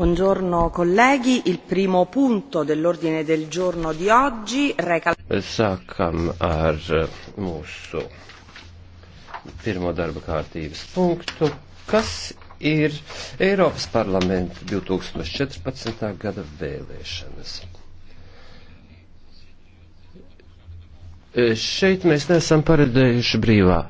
Buongiorno colleghi, il primo punto dell'ordine del giorno di oggi reca... Sākam ar eh, mūsu pirmo darba kārtības punktu, kas ir Eiropas parlamenta 2014. gada vēlēšanas. Eh, šeit mēs neesam paredzējuši brīvā